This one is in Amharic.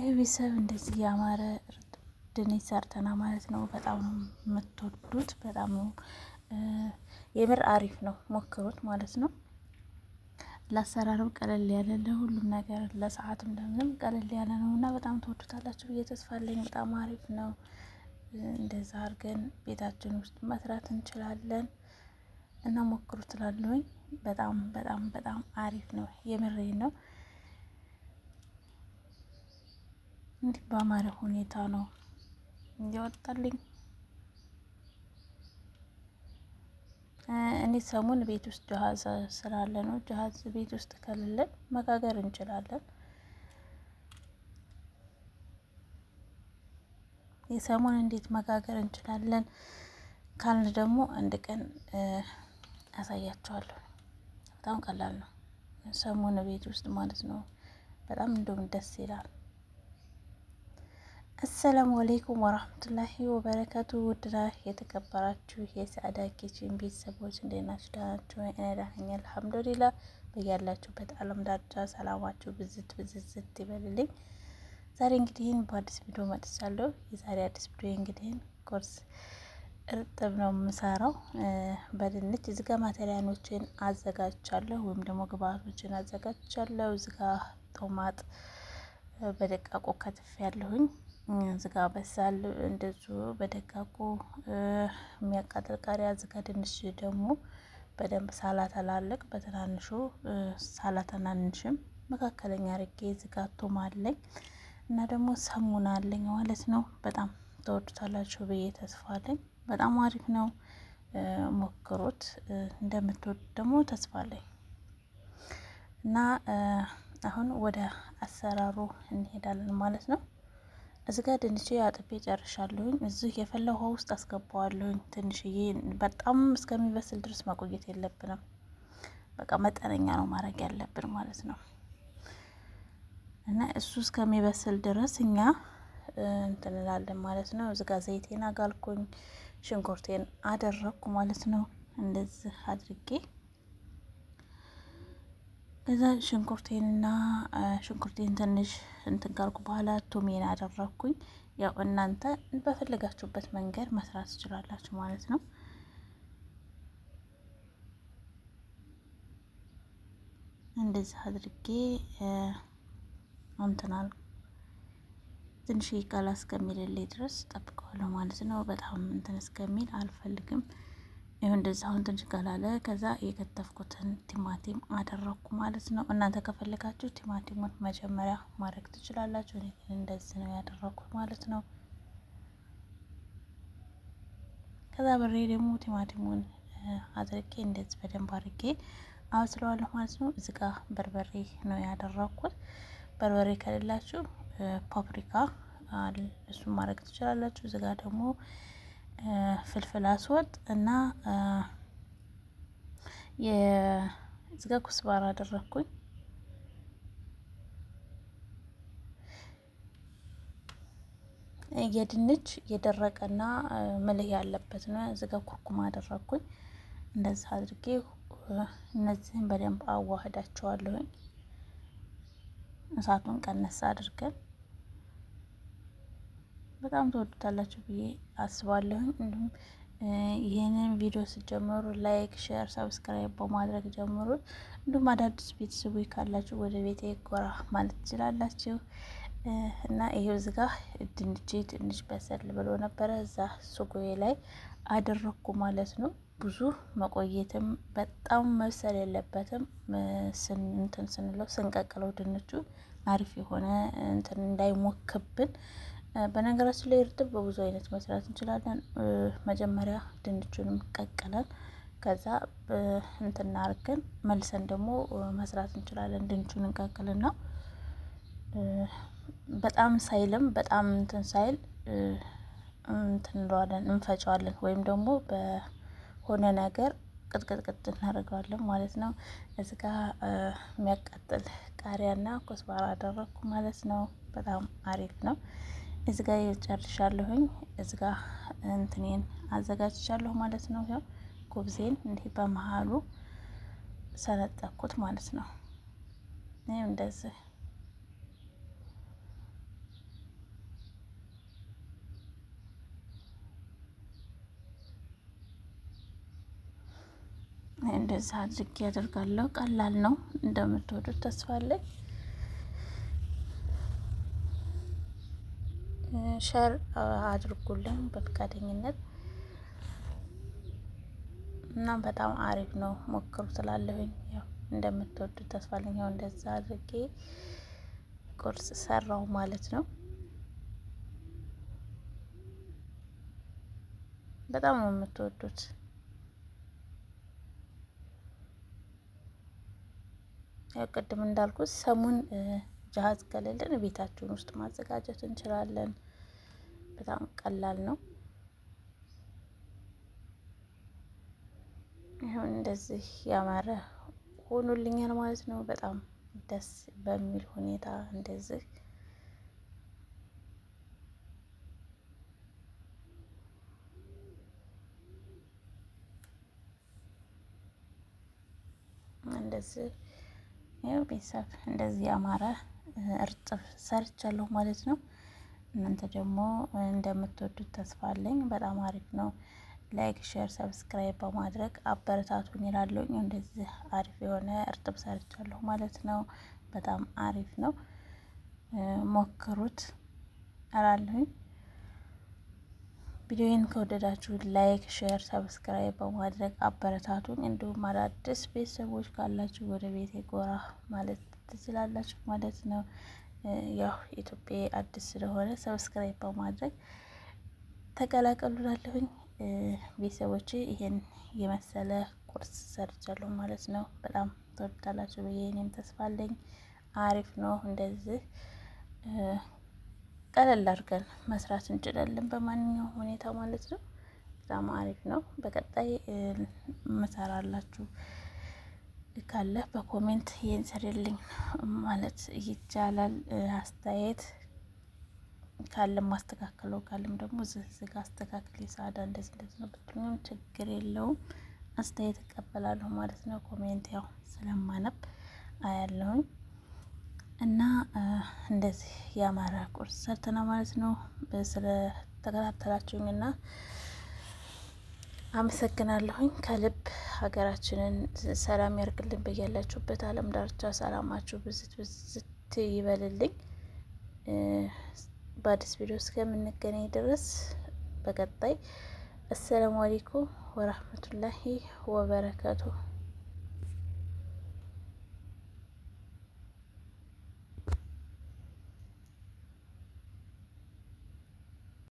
ይህ ቤተሰብ እንደዚህ ያማረ ድንች ሰርተና ማለት ነው። በጣም ነው የምትወዱት። በጣም ነው የምር አሪፍ ነው፣ ሞክሩት ማለት ነው። ለአሰራርም ቀለል ያለ ለሁሉም ነገር ለሰዓትም ለምንም ቀለል ያለ ነው እና በጣም ትወዱታላችሁ ብዬ ተስፋ አለኝ። በጣም አሪፍ ነው። እንደዛ አድርገን ቤታችን ውስጥ መስራት እንችላለን እና ሞክሩት እላለሁኝ። በጣም በጣም በጣም አሪፍ ነው፣ የምሬ ነው። እንዲህ በአማረ ሁኔታ ነው እየወጣልኝ። እኔ ሰሞን ቤት ውስጥ ጀሀዝ ስላለ ነው። ጀሀዝ ቤት ውስጥ ከሌለን መጋገር እንችላለን። የሰሞን እንዴት መጋገር እንችላለን ካልን ደግሞ አንድ ቀን አሳያችኋለሁ። በጣም ቀላል ነው። ሰሞን ቤት ውስጥ ማለት ነው። በጣም እንደውም ደስ ይላል። አሰላሙ አሌይኩም ወራህመቱላሂ ወበረካቱ። ውድና የተከበራችሁ የሰአዳ ኪችን ቤተሰቦች እንዴት ናችሁ? ደህና ናችሁ? እኔ ደህና ነኝ አልሐምዱሊላህ። በያላችሁበት ዓለም ዳርቻ ሰላማችሁ ብዝት ብዝዝት ይበልልኝ። ዛሬ እንግዲህን በአዲስ ቪዲዮ መጥቻለሁ። የዛሬ አዲስ ቪዲዮ እንግዲህን ቁርስ እርጥብ ነው የምሰራው በድንች። እዚጋ ማቴሪያሎችን አዘጋጅቻለሁ ወይም ደግሞ ግብአቶችን አዘጋጅቻለሁ። እዚጋ ቶማት በደቃቆ ከትፍ ያለሁኝ ዝጋ በሳል እንደዙ በደቃቁ የሚያቃጥል ቃሪያ፣ ዝጋ ድንች ደግሞ በደንብ ሳላተላልቅ በትናንሹ ሳላተናንሽም መካከለኛ አርጌ ዝጋ ቶም አለኝ እና ደግሞ ሰሙን አለኝ ማለት ነው። በጣም ተወዱታላችሁ ብዬ ተስፋ አለኝ። በጣም አሪፍ ነው። ሞክሩት። እንደምትወዱ ደግሞ ተስፋ አለኝ እና አሁን ወደ አሰራሩ እንሄዳለን ማለት ነው። እዚጋ ጋር ድንች አጥቤ ጨርሻለሁኝ። እዚህ የፈለው ውሃ ውስጥ አስገባዋለሁኝ። ትንሽዬ በጣም እስከሚበስል ድረስ ማቆየት የለብንም። በቃ መጠነኛ ነው ማድረግ ያለብን ማለት ነው። እና እሱ እስከሚበስል ድረስ እኛ እንትን ማለት ነው። እዚህ ጋር ዘይቴን አጋልኩኝ፣ ሽንኩርቴን አደረግኩ ማለት ነው። እንደዚህ አድርጌ ከዛ ሽንኩርቴንና ሽንኩርቴን ትንሽ እንትን ካልኩ በኋላ ቱሜን አደረግኩኝ። ያው እናንተ በፈለጋችሁበት መንገድ መስራት ትችላላችሁ ማለት ነው። እንደዚህ አድርጌ እንትናል ትንሽ ቃል እስከሚልልኝ ድረስ ጠብቀዋለሁ ማለት ነው። በጣም እንትን እስከሚል አልፈልግም። ይሁን እንደዛ አሁን ትንሽ ካላለ ከዛ የከተፍኩትን ቲማቲም አደረግኩ ማለት ነው። እናንተ ከፈለጋችሁ ቲማቲሙን መጀመሪያ ማድረግ ትችላላችሁ። እኔ ግን እንደዚህ ነው ያደረግኩት ማለት ነው። ከዛ በሬ ደግሞ ቲማቲሙን አድርጌ እንደዚህ በደንብ አድርጌ አብስለዋለሁ ማለት ነው። እዚ ጋ በርበሬ ነው ያደረግኩት። በርበሬ ከሌላችሁ ፓፕሪካ እሱን ማድረግ ትችላላችሁ። እዚ ጋ ደግሞ ፍልፍል አስወጥ እና የዝጋ ኩስባራ አደረግኩኝ። የድንች የደረቀና ምልህ ያለበት ነው። እዚጋ ኩርኩም አደረግኩኝ። እንደዚህ አድርጌ እነዚህን በደንብ አዋህዳቸዋለሁኝ። እሳቱን ቀነስ አድርገን በጣም ተወዱታላችሁ ብዬ አስባለሁኝ። እንዲሁም ይህንን ቪዲዮ ስጀምሩ ላይክ፣ ሼር፣ ሰብስክራይብ በማድረግ ጀምሩት። እንዲሁም አዳዲስ ቤተሰቡ ካላችሁ ወደ ቤቴ ጎራ ማለት ትችላላችሁ እና ይሄው ዝጋ ጋ ድንች በሰል ብሎ ነበረ እዛ ሱጎዬ ላይ አደረኩ ማለት ነው። ብዙ መቆየትም በጣም መብሰል የለበትም። እንትን ስንለው ስንቀቅለው ድንቹ አሪፍ የሆነ እንትን እንዳይሞክብን በነገራችን ላይ እርጥብ በብዙ አይነት መስራት እንችላለን። መጀመሪያ ድንቹንም ቀቅለን ከዛ እንትና አርገን መልሰን ደግሞ መስራት እንችላለን። ድንቹን እንቀቅልና በጣም ሳይልም በጣም እንትን ሳይል እንትን እንለዋለን እንፈጨዋለን፣ ወይም ደግሞ በሆነ ነገር ቅጥቅጥቅጥ እናደርገዋለን ማለት ነው። እዚ ጋ የሚያቃጥል ቃሪያና ኮስባራ አደረግኩ ማለት ነው። በጣም አሪፍ ነው። እዚ ጋ ጨርሻለሁኝ። እዚ ጋ እንትኔን አዘጋጅቻለሁ ማለት ነው። ያው ጉብዜን እንዲህ በመሃሉ ሰነጠኩት ማለት ነው። ይህም እንደዚህ እንደዚህ አድርጌ ያደርጋለሁ። ቀላል ነው። እንደምትወዱት ተስፋ አለኝ። ሸር አድርጉልኝ በፈቃደኝነት እና በጣም አሪፍ ነው ሞክሩ ስላለሁኝ ያው እንደምትወዱ ተስፋ አለኝ። ያው እንደዛ አድርጌ ቁርስ ሰራው ማለት ነው። በጣም ነው የምትወዱት። ያው ቅድም እንዳልኩት ሰሙን ጃሃዝ ከሌለን ቤታችን ውስጥ ማዘጋጀት እንችላለን። በጣም ቀላል ነው። ይሁን እንደዚህ ያማረ ሆኖልኛል ማለት ነው። በጣም ደስ በሚል ሁኔታ እንደዚህ እንደዚህ ይኸው ቤተሰብ እንደዚህ ያማረ እርጥብ ሰርቻለሁ ማለት ነው። እናንተ ደግሞ እንደምትወዱት ተስፋ አለኝ። በጣም አሪፍ ነው። ላይክ፣ ሼር፣ ሰብስክራይብ በማድረግ አበረታቱን ይላለሁ። እንደዚህ አሪፍ የሆነ እርጥብ ሰርቻለሁ ማለት ነው። በጣም አሪፍ ነው። ሞክሩት እላለሁኝ። ቪዲዮን ከወደዳችሁ ላይክ፣ ሼር፣ ሰብስክራይብ በማድረግ አበረታቱን። እንዲሁም አዳዲስ ቤተሰቦች ካላችሁ ወደ ቤቴ ጎራ ማለት ትችላላችሁ ማለት ነው። ያው ኢትዮጵያ አዲስ ስለሆነ ሰብስክራይብ በማድረግ ተቀላቀሉ። ላለሁኝ ይሄን የመሰለ ቁርስ ሰርቻለሁ ማለት ነው። በጣም ተወዳላችሁ ብዬ እኔም ተስፋ አለኝ። አሪፍ ነው። እንደዚህ ቀለል አድርገን መስራት እንችላለን በማንኛውም ሁኔታ ማለት ነው። በጣም አሪፍ ነው። በቀጣይ መሰራላችሁ ካለ በኮሜንት ይህን ማለት ይቻላል። አስተያየት ካለም ማስተካከለው ካለም ደግሞ ዝጋ አስተካክል የሰዓዳ እንደዚህ እንደዚህ ነው ብትሉኝም ችግር የለውም። አስተያየት እቀበላለሁ ማለት ነው። ኮሜንት ያው ስለማነብ አያለውኝ እና እንደዚህ የአማራ ቁርስ ሰርተና ማለት ነው። ስለተከታተላችሁኝ እና አመሰግናለሁኝ ከልብ ሀገራችንን ሰላም ያርግልን። በያላችሁበት አለም ዳርቻ ሰላማችሁ ብዝት ብዝት ይበልልኝ። በአዲስ ቪዲዮ እስከምንገናኝ ድረስ በቀጣይ አሰላሙ አሌይኩም ወራህመቱላሂ ወበረከቱ።